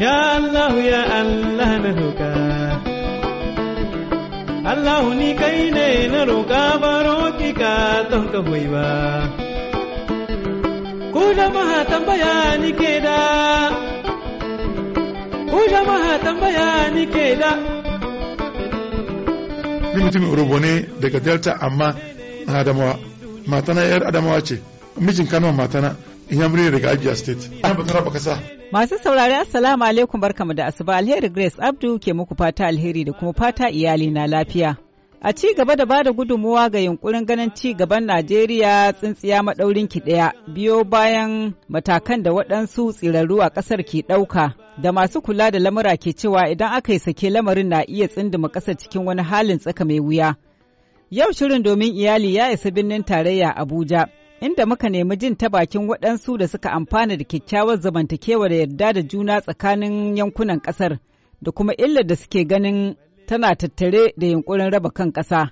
Ya Allah ya Allah na roƙa Allah ni kai ne na roƙa baro ki ka don ka hoyi ba Ku jama'a tambaya ni ke da Ku jama'a tambaya ni ke da Ni mutumin Urobo ne daga Delta amma na Adamawa matana yar Adamawa ce mijin Kano matana Inyamuri daga Abia State an ba ta raba Masu saurari Assalamu alaikum barkamu da asuba alheri Grace Abdu ke muku fata alheri da kuma fata iyali na lafiya. A ci gaba da bada gudunmuwa ga yunkurin ganin ci gaban Najeriya tsintsiya maɗaurin ki ɗaya biyo bayan matakan da waɗansu tsirarru a ƙasar ke ɗauka da masu kula da lamura ke cewa idan aka yi sake lamarin na iya tsinduma ƙasar cikin wani halin tsaka mai wuya. Yau shirin domin iyali ya isa birnin tarayya Abuja. inda muka nemi jin ta bakin waɗansu da suka amfana da kyakkyawar zamantakewa da yarda da juna tsakanin yankunan ƙasar da kuma illar da suke ganin tana tattare da yunkurin raba kan ƙasa.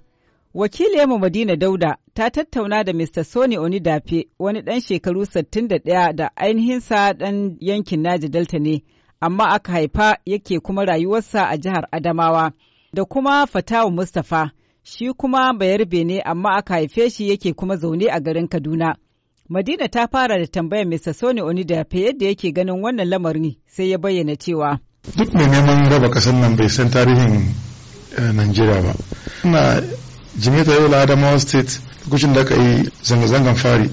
Wakiliyarmu Madina Dauda ta tattauna da Mr. Sony Onidafe wani ɗan shekaru 61 da da ainihin sa ɗan yankin Naji Delta ne, amma aka haifa yake kuma rayuwarsa a jihar Adamawa, da kuma Fatawu Mustapha shi kuma bayarbe ne amma aka haife shi yake kuma zaune a garin Kaduna. Madina ta fara da tambayar Mr. da Onidafe yadda yake ganin wannan lamarin sai ya bayyana cewa. Duk mai neman raba kasar nan bai san tarihin eh, Najeriya ba. Ina jimeta yau Adamawa State lokacin da aka yi zanga-zangan fari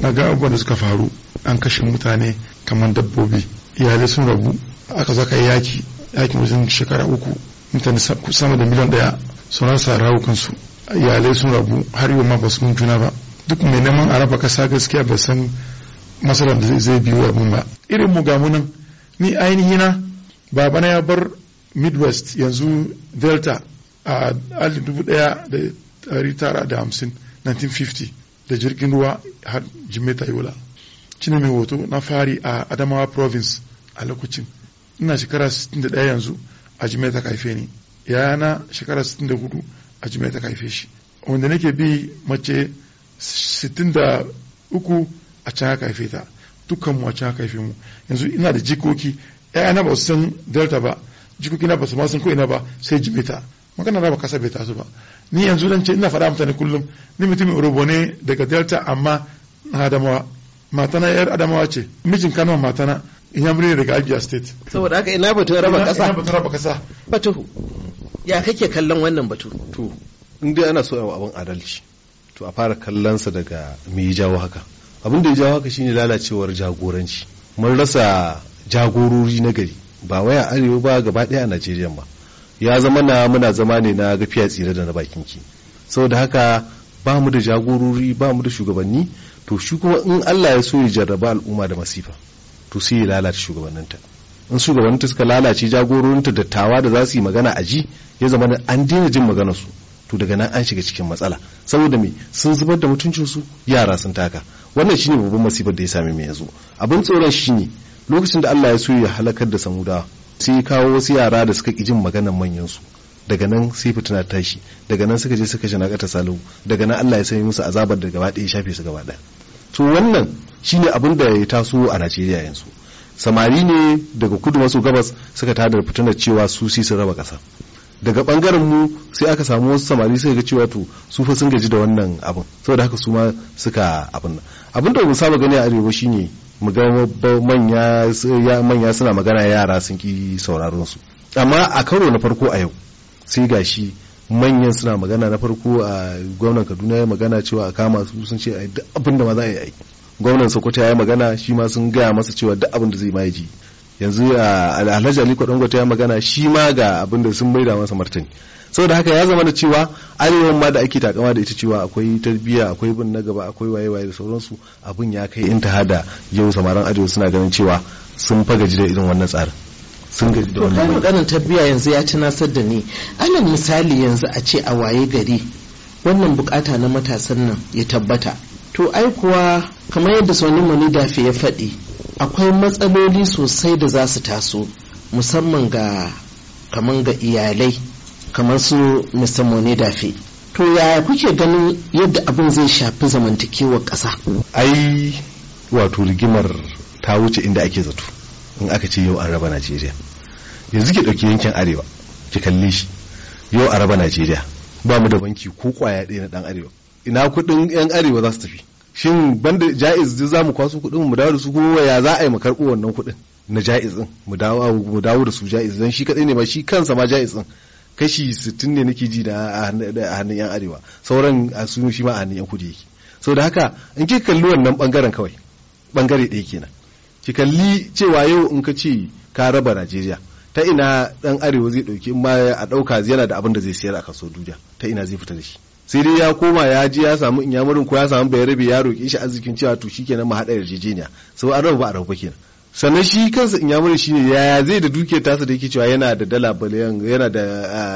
na ga abubuwan da suka faru an kashe mutane kamar dabbobi iyalai sun rabu aka zaka yaki yakin wajen shekara uku mutane sama da miliyan ɗaya. su rasa kansu iyalai sun rabu har yau ma ba su juna ba duk mai neman a raba kasa gaskiya ba san masarar da zai biyo abin ba irin mu gamu ni ainihi na babana ya bar midwest yanzu delta a 1950 1950 da jirgin ruwa har jimeta yola cine mai hoto na fari a adamawa province a lokacin ina shekara 61 yanzu a jimeta kaife ne yana shekara 64 a jimai ta haife shi wanda nake bi mace 63 a can haka haife ta dukkan mu a can haka haife mu yanzu ina da jikoki na ba su san delta ba jikoki na ba su ma san ko ina ba sai ta magana na ba kasa bai taso ba ni yanzu dan ce ina faɗa mutane kullum ni mutumin urubo ne daga delta amma na adamawa matana yar adamawa ce mijin kano matana in yamri daga abia state saboda haka ina batun raba kasa ina batun raba kasa batu ya kake kallon wannan batu to inda ana so yawa abin adalci to a fara kallon sa daga me ya jawo haka abin da ya jawo haka shine lalacewar jagoranci mun rasa jagorori na gari ba waya arewa ba gaba ɗaya a najeriya ba ya zama na muna zama ne na gafiya tsira da na bakin ki saboda haka ba mu da jagorori ba mu da shugabanni to shi kuma in allah ya so ya jarraba al'umma da masifa to sai ya lalata shugabanninta in shugabanta suka lalace jagororinta dattawa da za su yi magana a ji ya zama da an daina jin magana su to daga nan an shiga cikin matsala saboda me sun zubar da mutuncin su yara sun taka wannan shine babban masifar da ya same mu yanzu abin tsoron shine lokacin da Allah ya so ya halakar da samuda sai ya kawo wasu yara da suka ki jin maganar manyan su daga nan sai fitina tashi daga nan suka je suka shi naƙata salihu daga nan Allah ya sanya musu azabar da gaba ɗaya ya shafe su gaba ɗaya to wannan shine abin da ya taso a Najeriya yanzu samari ne daga kudu maso gabas suka tada fitinar cewa su si su raba kasa daga bangaren mu sai aka samu wasu samari suka ga cewa to su fa sun gaji da wannan abin saboda haka su ma suka abin nan abin da mu saba gani a arewa shine mu ga manya manya suna magana yara sun ki sauraron su amma a karo na farko a yau sai gashi manyan suna magana na farko a gwamnan Kaduna ya magana cewa a kama su sun ce duk abin da ma za a yi aiki gwamnan sokoto ya yi magana shi ma sun gaya masa cewa duk abin da zai ma ji yanzu alhaji aliko dangote ya magana shi ma ga abin da sun maida masa martani saboda haka ya zama da cewa arewa ma da ake takama da ita cewa akwai tarbiyya akwai bin na gaba akwai waye waye da sauransu abin ya kai in ta hada yau samaran arewa suna ganin cewa sun faga da irin wannan tsarin sun gaji da wannan maganar tarbiyya yanzu ya ci nasar da ni anan misali yanzu a ce a waye gari wannan bukata na matasan nan ya tabbata to ai kuwa kamar yadda sani mani dafe ya faɗi akwai matsaloli sosai da za su taso musamman ga kamar ga iyalai kamar su mr mani dafe to yaya kuke ganin yadda abin zai shafi zamantakewar ƙasa ai wato rigimar ta wuce inda ake zato in aka ce yau an raba najeriya yanzu ke ɗauki yankin arewa ki kalle shi yau a raba najeriya ba mu da banki ko kwaya ɗaya na ɗan arewa ina kuɗin yan arewa za su tafi shin banda ja'iz duk za mu kwaso kuɗin mu dawo da su kuma ya za a yi mu karɓo wannan kuɗin na ja'iz din mu dawo mu dawo da su ja'iz dan shi kadai ne ba shi kansa ma ja'iz din kashi 60 ne nake ji da a hannun yan arewa sauran a su shi ma a hannun yan kudi yake so da haka in ki kalli wannan bangaren kawai bangare ɗaya kenan ki kalli cewa yau in ka ce ka raba Najeriya ta ina dan arewa zai dauki in ma a ɗauka yana da abin da zai siyar a kaso duniya ta ina zai fita da shi sai dai ya koma ya ji ya samu inyamurin ko ya samu rabe ya roki shi arzikin cewa to shikenan mu haɗa yarjejeniya sau an rabu ba a rabu kenan sannan shi kansa inyamurin shi ne yaya zai da dukiyar tasa da yake cewa yana da dala biliyan yana da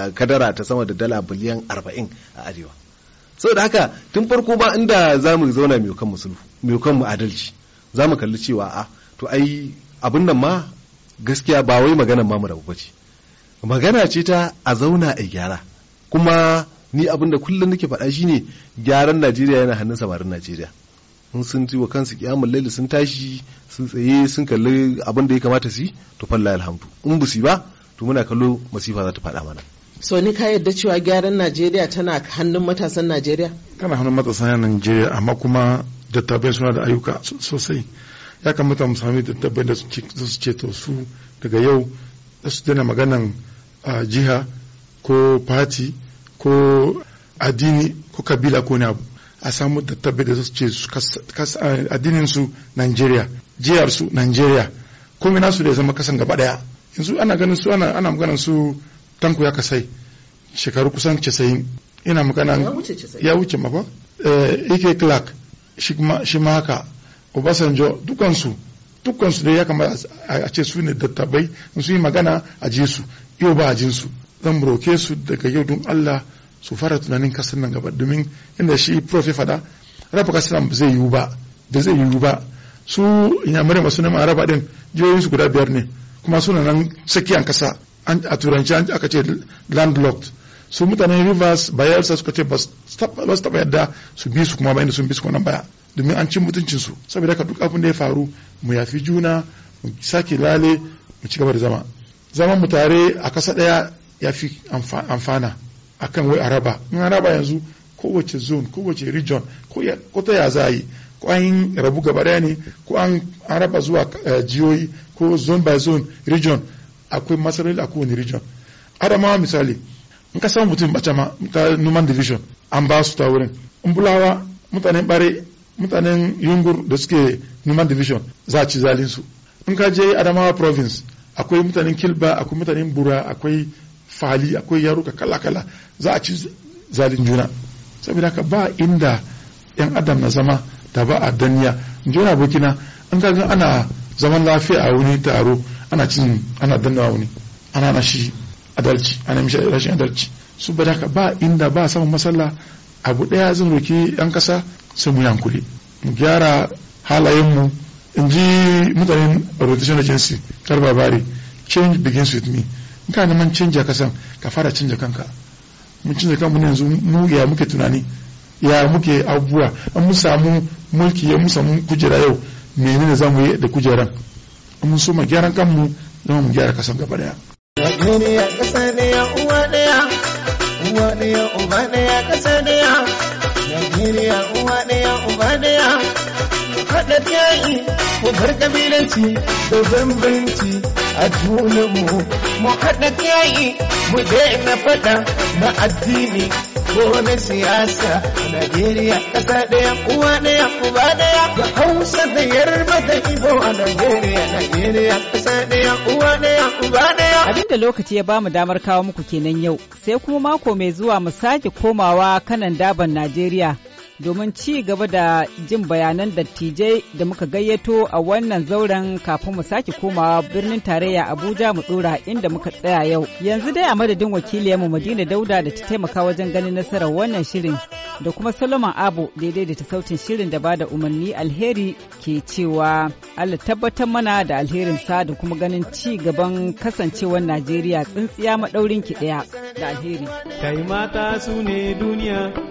eh, kadara ta sama da dala biliyan arba'in a arewa saboda haka tun farko ba inda za mu zauna mai kan musulu mai kan mu adalci za mu kalli cewa a ah, to ai abin nan ma gaskiya ba wai magana ma mu rabu ba ce magana ce ta a zauna a gyara kuma ni abin da kullum nake faɗa shine gyaran najeriya yana hannun samarin najeriya in sun ji wa kansu kyamun laili sun tashi sun tsaye sun kalli abin da ya kamata su to falla alhamdu in busi ba to muna kallo masifa za ta faɗa mana so ni ka yadda cewa gyaran najeriya tana hannun matasan najeriya tana hannun matasan najeriya amma kuma dattabai suna da ayyuka sosai ya kamata mu sami dattabai da su ce su daga yau su dana maganan ah, jiha ko fati ko addini ko kabila ko ne abu a samu tattabe da su ce addinin su Nigeria. jiyar su Nigeria. komai nasu da ya zama kasan gaba daya yanzu ana ganin su ana ana maganar su tanku ya kasai shekaru kusan 90 ina magana ya wuce ma ba Ike eh, Clark shi ma haka Obasanjo dukansu dukansu da ya kamata a ce su ne dattabai in su yi magana a je su yau ba a jinsu zan roke su daga yau don Allah su fara tunanin kasar nan gaba domin inda shi prof ya faɗa raba kasar nan zai yiwu ba da zai yiwu ba su inyamurai masu neman araba din jiyoyin su guda biyar ne kuma suna nan tsakiyan kasa a turanci aka ce landlocked su mutanen rivers bayelsa suka ce ba su taba yadda su bi su kuma inda sun bi su kwanan baya domin an cin mutuncin su saboda ka duk abin da ya faru mu yafi juna mu sake lale mu ci gaba da zama zaman mu tare a kasa daya ya fi amfana akan wai araba in araba yanzu kowace zone kowace region ko ta ya za yi ko an rabu gaba daya ne ko an raba zuwa eh, jihohi ko zone by zone region akwai matsaloli a kowane region adama misali in ka samu mutum bata ma ta numan division an ba su ta wurin in bulawa mutanen bare mutanen yungur da suke numan division za a ci zalinsu in ka je adamawa province akwai mutanen kilba akwai mutanen bura akwai fali akwai yaruka kala-kala za a ci zalin juna saboda haka ba inda yan adam na zama da ba a danya juna abokina an ga ana zaman lafiya a wani taro ana cin ana dannawa wani ana na shi adalci ana mishi rashin adalci su ba haka ba inda ba samun masalla abu daya zan roki yan kasa sai mu yankuri mu gyara halayenmu in ji mutanen rotation agency karba bari change begins with me in ka neman canja kasan ka fara canja kanka mun canja kanmu ne yanzu mu ya muke tunani ya muke abubuwa an mu samu mulki ya mu samu kujera yau menene za mu yi da kujeran an mun so mu gyaran kanmu zama mu gyara kasan gaba daya duniya kasa daya uwa daya uwa uba daya Najeriya uwa ɗaya uba ɗaya. Faɗa yayi mu bar kabilanci da bambanci a junanmu. Mu haɗa yayi mu daina faɗa na addini ko na siyasa. Najeriya ƙasa ɗaya uwa ɗaya uba ɗaya. Ga Hausa da Yarba da Ibo a Najeriya. Najeriya ƙasa ɗaya uwa ɗaya uba ɗaya. Abinda lokaci ya ba mu damar kawo muku kenan yau sai kuma mako mai zuwa mu sake komawa kanan daban Najeriya. domin ci gaba da jin bayanan dattijai da muka gayyato a wannan zauren kafin mu sake komawa birnin tarayya Abuja mu dora inda muka tsaya yau. Yanzu dai a madadin wakiliyarmu Madina Dauda da ta taimaka wajen ganin nasarar wannan shirin da kuma Solomon Abu daidai da ta sautin shirin da bada umarni alheri ke cewa Allah tabbatar mana da alherin sa da kuma ganin ci gaban kasancewar Najeriya tsintsiya madaurin ki daya da alheri. Kai mata su ne duniya